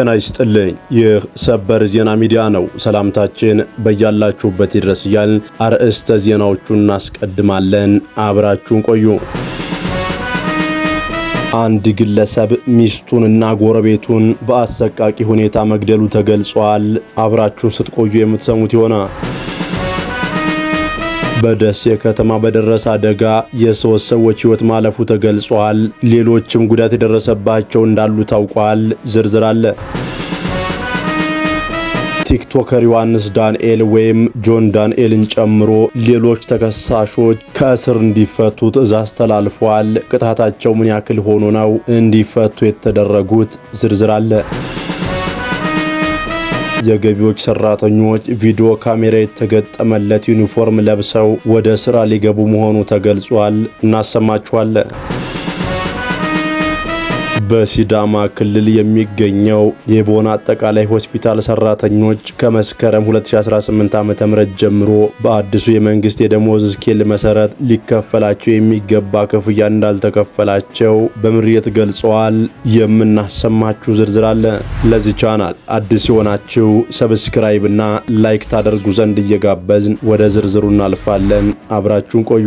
ጤና ይስጥልኝ። ይህ ሰበር ዜና ሚዲያ ነው። ሰላምታችን በያላችሁበት ይድረስ እያልን አርዕስተ ዜናዎቹን እናስቀድማለን። አብራችሁን ቆዩ። አንድ ግለሰብ ሚስቱንና ጎረቤቱን በአሰቃቂ ሁኔታ መግደሉ ተገልጿል። አብራችሁን ስትቆዩ የምትሰሙት ይሆናል። በደሴ ከተማ በደረሰ አደጋ የሶስት ሰዎች ሕይወት ማለፉ ተገልጿል። ሌሎችም ጉዳት የደረሰባቸው እንዳሉ ታውቋል። ዝርዝር አለ። ቲክቶከር ዮሐንስ ዳንኤል ወይም ጆን ዳንኤልን ጨምሮ ሌሎች ተከሳሾች ከእስር እንዲፈቱ ትዕዛዝ ተላልፏል። ቅጣታቸው ምን ያክል ሆኖ ነው እንዲፈቱ የተደረጉት? ዝርዝር አለ። የገቢዎች ሰራተኞች ቪዲዮ ካሜራ የተገጠመለት ዩኒፎርም ለብሰው ወደ ስራ ሊገቡ መሆኑ ተገልጿል። እናሰማችኋለን። በሲዳማ ክልል የሚገኘው የቦና አጠቃላይ ሆስፒታል ሰራተኞች ከመስከረም 2018 ዓ.ም ጀምሮ በአዲሱ የመንግስት የደሞዝ ስኬል መሰረት ሊከፈላቸው የሚገባ ክፍያ እንዳልተከፈላቸው በምሬት ገልጸዋል። የምናሰማችሁ ዝርዝር አለ። ለዚህ ቻናል አዲስ የሆናችሁ ሰብስክራይብ እና ላይክ ታደርጉ ዘንድ እየጋበዝን ወደ ዝርዝሩ እናልፋለን። አብራችሁን ቆዩ።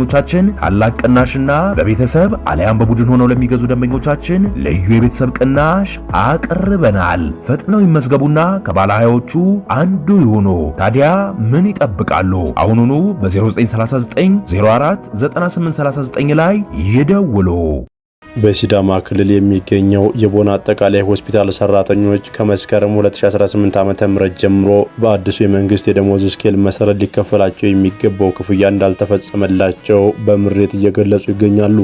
ደንበኞቻችን ታላቅ ቅናሽና በቤተሰብ አለያም በቡድን ሆነው ለሚገዙ ደንበኞቻችን ልዩ የቤተሰብ ቅናሽ አቅርበናል። ፈጥነው ይመዝገቡና ከባለ አንዱ ይሁኑ። ታዲያ ምን ይጠብቃሉ? አሁኑኑ በ0939 9839 ላይ ይደውሉ። በሲዳማ ክልል የሚገኘው የቦና አጠቃላይ ሆስፒታል ሰራተኞች ከመስከረም 2018 ዓ.ም ጀምሮ በአዲሱ የመንግስት የደሞዝ ስኬል መሰረት ሊከፈላቸው የሚገባው ክፍያ እንዳልተፈጸመላቸው በምሬት እየገለጹ ይገኛሉ።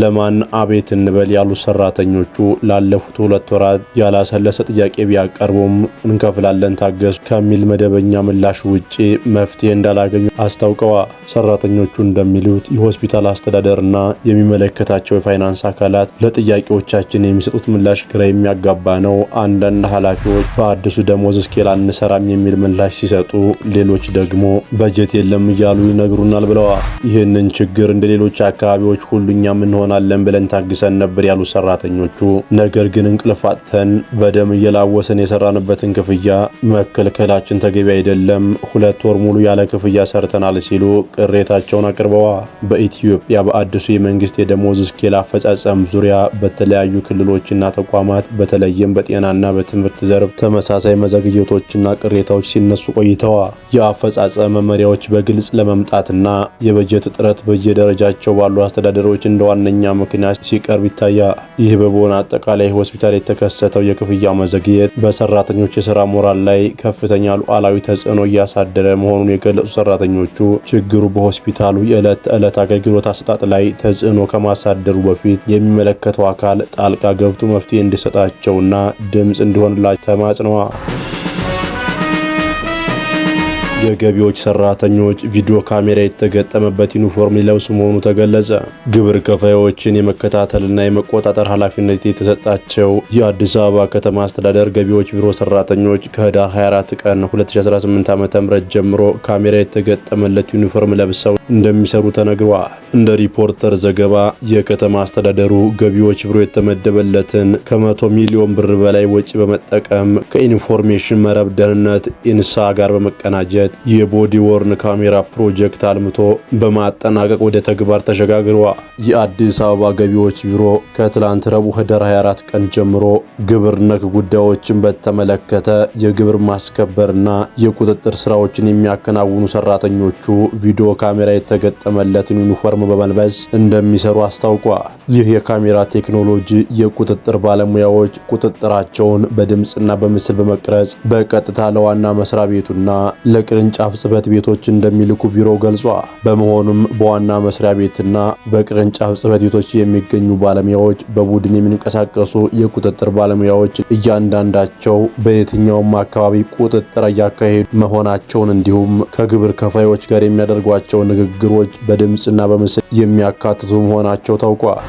ለማን አቤት እንበል ያሉ ሰራተኞቹ ላለፉት ሁለት ወራት ያላሰለሰ ጥያቄ ቢያቀርቡም እንከፍላለን ታገሱ ከሚል መደበኛ ምላሽ ውጪ መፍትሄ እንዳላገኙ አስታውቀዋል። ሰራተኞቹ እንደሚሉት የሆስፒታል አስተዳደርና የሚመለከታቸው የፋይናንስ አካላት ለጥያቄዎቻችን የሚሰጡት ምላሽ ግራ የሚያጋባ ነው። አንዳንድ ኃላፊዎች በአዲሱ ደሞዝ ስኬል አንሰራም የሚል ምላሽ ሲሰጡ፣ ሌሎች ደግሞ በጀት የለም እያሉ ይነግሩናል ብለዋል። ይህንን ችግር እንደ ሌሎች አካባቢዎች ሁሉኛ ምን እንሆናለን ብለን ታግሰን ነበር ያሉት ሰራተኞቹ፣ ነገር ግን እንቅልፍ አጥተን በደም እየላወሰን የሰራንበትን ክፍያ መከልከላችን ተገቢ አይደለም፣ ሁለት ወር ሙሉ ያለ ክፍያ ሰርተናል ሲሉ ቅሬታቸውን አቅርበዋል። በኢትዮጵያ በአዲሱ የመንግስት የደሞዝ ስኬል አፈጻጸም ዙሪያ በተለያዩ ክልሎችና ተቋማት በተለይም በጤናና በትምህርት ዘርፍ ተመሳሳይ መዘግየቶችና ቅሬታዎች ሲነሱ ቆይተዋል። የአፈጻጸም መመሪያዎች በግልጽ ለመምጣትና የበጀት እጥረት በየደረጃቸው ባሉ አስተዳደሮች እንደዋና ዋነኛ ምክንያት ሲቀርብ ይታያል። ይህ በቦን አጠቃላይ ሆስፒታል የተከሰተው የክፍያ መዘግየት በሰራተኞች የስራ ሞራል ላይ ከፍተኛ ሉዓላዊ ተጽዕኖ እያሳደረ መሆኑን የገለጹ ሰራተኞቹ ችግሩ በሆስፒታሉ የዕለት ተዕለት አገልግሎት አሰጣጥ ላይ ተጽዕኖ ከማሳደሩ በፊት የሚመለከተው አካል ጣልቃ ገብቶ መፍትሄ እንዲሰጣቸውና ድምፅ እንዲሆንላቸው ተማጽነዋል። የገቢዎች ሰራተኞች ቪዲዮ ካሜራ የተገጠመበት ዩኒፎርም ሊለብሱ መሆኑ ተገለጸ። ግብር ከፋዮችን የመከታተልና የመቆጣጠር ኃላፊነት የተሰጣቸው የአዲስ አበባ ከተማ አስተዳደር ገቢዎች ቢሮ ሰራተኞች ከህዳር 24 ቀን 2018 ዓ.ም ጀምሮ ካሜራ የተገጠመለት ዩኒፎርም ለብሰው እንደሚሰሩ ተነግሯል። እንደ ሪፖርተር ዘገባ የከተማ አስተዳደሩ ገቢዎች ቢሮ የተመደበለትን ከ100 ሚሊዮን ብር በላይ ወጪ በመጠቀም ከኢንፎርሜሽን መረብ ደህንነት ኢንሳ ጋር በመቀናጀት በማለት የቦዲ ወርን ካሜራ ፕሮጀክት አልምቶ በማጠናቀቅ ወደ ተግባር ተሸጋግረዋል። የአዲስ አበባ ገቢዎች ቢሮ ከትላንት ረቡዕ ህዳር 24 ቀን ጀምሮ ግብር ነክ ጉዳዮችን በተመለከተ የግብር ማስከበርና የቁጥጥር ስራዎችን የሚያከናውኑ ሰራተኞቹ ቪዲዮ ካሜራ የተገጠመለትን ዩኒፎርም በመልበስ እንደሚሰሩ አስታውቋል። ይህ የካሜራ ቴክኖሎጂ የቁጥጥር ባለሙያዎች ቁጥጥራቸውን በድምፅና በምስል በመቅረጽ በቀጥታ ለዋና መስሪያ ቤቱና ለቅ ቅርንጫፍ ጽህፈት ቤቶች እንደሚልኩ ቢሮው ገልጿል። በመሆኑም በዋና መስሪያ ቤትና በቅርንጫፍ ጽህፈት ቤቶች የሚገኙ ባለሙያዎች፣ በቡድን የሚንቀሳቀሱ የቁጥጥር ባለሙያዎች እያንዳንዳቸው በየትኛውም አካባቢ ቁጥጥር እያካሄዱ መሆናቸውን እንዲሁም ከግብር ከፋዮች ጋር የሚያደርጓቸው ንግግሮች በድምፅና በምስል የሚያካትቱ መሆናቸው ታውቋል።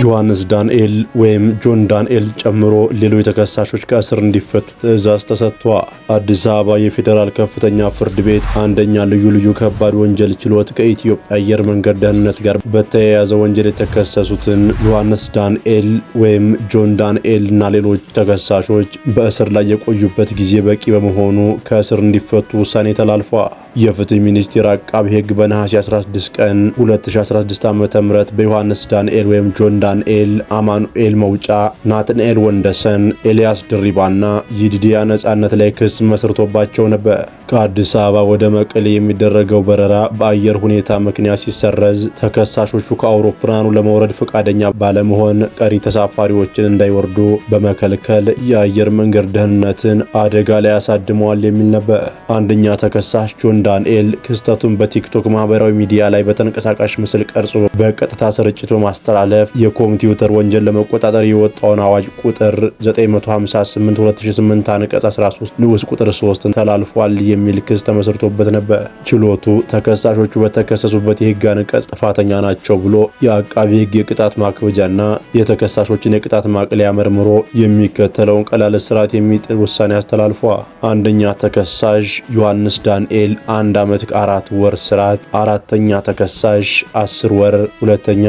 ዮሐንስ ዳንኤል ወይም ጆን ዳንኤል ጨምሮ ሌሎች ተከሳሾች ከእስር እንዲፈቱ ትዕዛዝ ተሰጥቷል። አዲስ አበባ የፌዴራል ከፍተኛ ፍርድ ቤት አንደኛ ልዩ ልዩ ከባድ ወንጀል ችሎት ከኢትዮጵያ አየር መንገድ ደህንነት ጋር በተያያዘ ወንጀል የተከሰሱትን ዮሐንስ ዳንኤል ወይም ጆን ዳንኤል እና ሌሎች ተከሳሾች በእስር ላይ የቆዩበት ጊዜ በቂ በመሆኑ ከእስር እንዲፈቱ ውሳኔ ተላልፏል። የፍትህ ሚኒስቴር አቃቢ ሕግ በነሐሴ 16 ቀን 2016 ዓ.ም በዮሐንስ ዳንኤል ወይም ጆን ዳንኤል፣ አማኑኤል መውጫ፣ ናትናኤል ወንደሰን፣ ኤልያስ ድሪባና ይድዲያ ነጻነት ላይ ክስ መስርቶባቸው ነበር። ከአዲስ አበባ ወደ መቀሌ የሚደረገው በረራ በአየር ሁኔታ ምክንያት ሲሰረዝ ተከሳሾቹ ከአውሮፕላኑ ለመውረድ ፈቃደኛ ባለመሆን ቀሪ ተሳፋሪዎችን እንዳይወርዱ በመከልከል የአየር መንገድ ደህንነትን አደጋ ላይ ያሳድመዋል የሚል ነበር። አንደኛ ተከሳሽ ጆን ዳንኤል ክስተቱን በቲክቶክ ማህበራዊ ሚዲያ ላይ በተንቀሳቃሽ ምስል ቀርጾ በቀጥታ ስርጭት በማስተላለፍ የኮምፒውተር ወንጀል ለመቆጣጠር የወጣውን አዋጅ ቁጥር 958/2008 አንቀጽ 13 ንዑስ ቁጥር 3 ተላልፏል የሚል ክስ ተመስርቶበት ነበር። ችሎቱ ተከሳሾቹ በተከሰሱበት የህግ አንቀጽ ጥፋተኛ ናቸው ብሎ የአቃቢ ህግ የቅጣት ማክበጃና የተከሳሾችን የቅጣት ማቅለያ መርምሮ የሚከተለውን ቀላል እስራት የሚጥል ውሳኔ አስተላልፏል። አንደኛ ተከሳሽ ዮሐንስ ዳንኤል አንድ ዓመት ከአራት ወር ስርዓት፣ አራተኛ ተከሳሽ አስር ወር፣ ሁለተኛ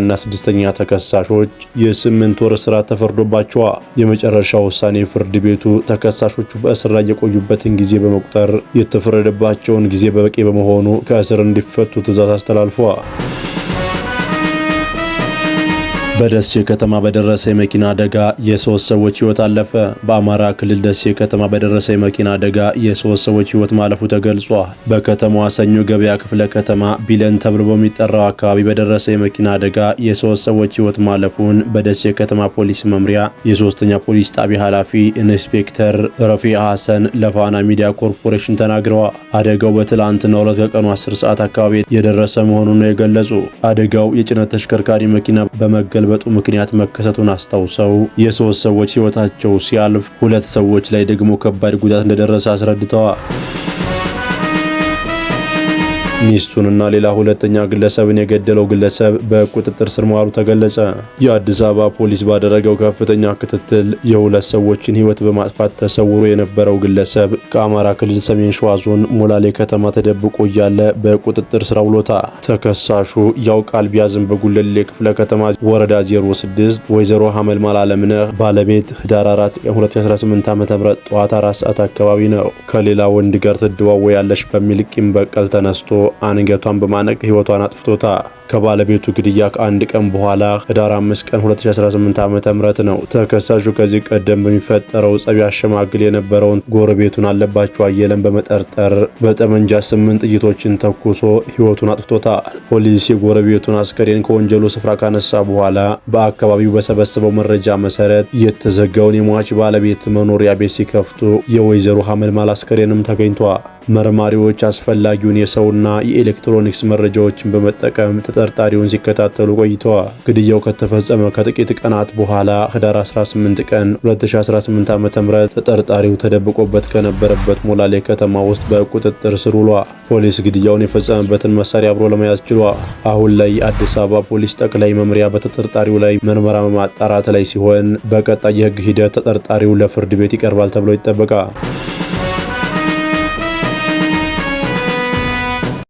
እና ስድስተኛ ተከሳሾች የስምንት ወር እስራት ተፈርዶባቸዋል። የመጨረሻ ውሳኔ ፍርድ ቤቱ ተከሳሾቹ በእስር ላይ የቆዩበትን ጊዜ በመቁጠር የተፈረደባቸውን ጊዜ በበቂ በመሆኑ ከእስር እንዲፈቱ ትዛዝ አስተላልፏል። በደሴ ከተማ በደረሰ የመኪና አደጋ የሶስት ሰዎች ህይወት አለፈ። በአማራ ክልል ደሴ ከተማ በደረሰ የመኪና አደጋ የሶስት ሰዎች ህይወት ማለፉ ተገልጿል። በከተማዋ ሰኞ ገበያ ክፍለ ከተማ ቢለን ተብሎ በሚጠራው አካባቢ በደረሰ የመኪና አደጋ የሶስት ሰዎች ህይወት ማለፉን በደሴ ከተማ ፖሊስ መምሪያ የሶስተኛ ፖሊስ ጣቢያ ኃላፊ ኢንስፔክተር ረፊ ሐሰን ለፋና ሚዲያ ኮርፖሬሽን ተናግረዋል። አደጋው በትላንትናው ዕለት ከቀኑ 10 ሰዓት አካባቢ የደረሰ መሆኑን ነው የገለጹ። አደጋው የጭነት ተሽከርካሪ መኪና በመገል በመገልበጡ ምክንያት መከሰቱን አስታውሰው የሶስት ሰዎች ሕይወታቸው ሲያልፍ ሁለት ሰዎች ላይ ደግሞ ከባድ ጉዳት እንደደረሰ አስረድተዋል። ሚስቱንና ሌላ ሁለተኛ ግለሰብን የገደለው ግለሰብ በቁጥጥር ስር መዋሉ ተገለጸ። የአዲስ አበባ ፖሊስ ባደረገው ከፍተኛ ክትትል የሁለት ሰዎችን ሕይወት በማጥፋት ተሰውሮ የነበረው ግለሰብ ከአማራ ክልል ሰሜን ሸዋ ዞን ሞላሌ ከተማ ተደብቆ እያለ በቁጥጥር ስር ውሎታ። ተከሳሹ ያውቃል ቢያዝም በጉለሌ ክፍለ ከተማ ወረዳ 06 ወይዘሮ ሀመልማል አለምነህ ባለቤት ህዳር 4 2018 ዓ.ም ጠዋት አራት ሰዓት አካባቢ ነው ከሌላ ወንድ ጋር ትደዋወያለች በሚል ቂም በቀል ተነስቶ አንገቷን በማነቅ ህይወቷን አጥፍቶታል። ከባለቤቱ ግድያ ከአንድ ቀን በኋላ ህዳር 5 ቀን 2018 ዓ ም ነው። ተከሳሹ ከዚህ ቀደም በሚፈጠረው ጸብ ያሸማግል የነበረውን ጎረቤቱን አለባቸው አየለን በመጠርጠር በጠመንጃ ስምንት ጥይቶችን ተኩሶ ህይወቱን አጥፍቶታል። ፖሊስ የጎረቤቱን አስከሬን ከወንጀሉ ስፍራ ካነሳ በኋላ በአካባቢው በሰበሰበው መረጃ መሰረት የተዘጋውን የሟች ባለቤት መኖሪያ ቤት ሲከፍቱ የወይዘሮ ሀመልማል አስከሬንም ተገኝቷል። መርማሪዎች አስፈላጊውን የሰውና የኤሌክትሮኒክስ መረጃዎችን በመጠቀም ተጠርጣሪውን ሲከታተሉ ቆይተዋል። ግድያው ከተፈጸመ ከጥቂት ቀናት በኋላ ህዳር 18 ቀን 2018 ዓ.ም ተጠርጣሪው ተደብቆበት ከነበረበት ሞላሌ ከተማ ውስጥ በቁጥጥር ስር ውሏል። ፖሊስ ግድያውን የፈጸመበትን መሳሪያ አብሮ ለመያዝ ችሏል። አሁን ላይ የአዲስ አበባ ፖሊስ ጠቅላይ መምሪያ በተጠርጣሪው ላይ ምርመራ በማጣራት ላይ ሲሆን በቀጣይ የህግ ሂደት ተጠርጣሪው ለፍርድ ቤት ይቀርባል ተብሎ ይጠበቃል።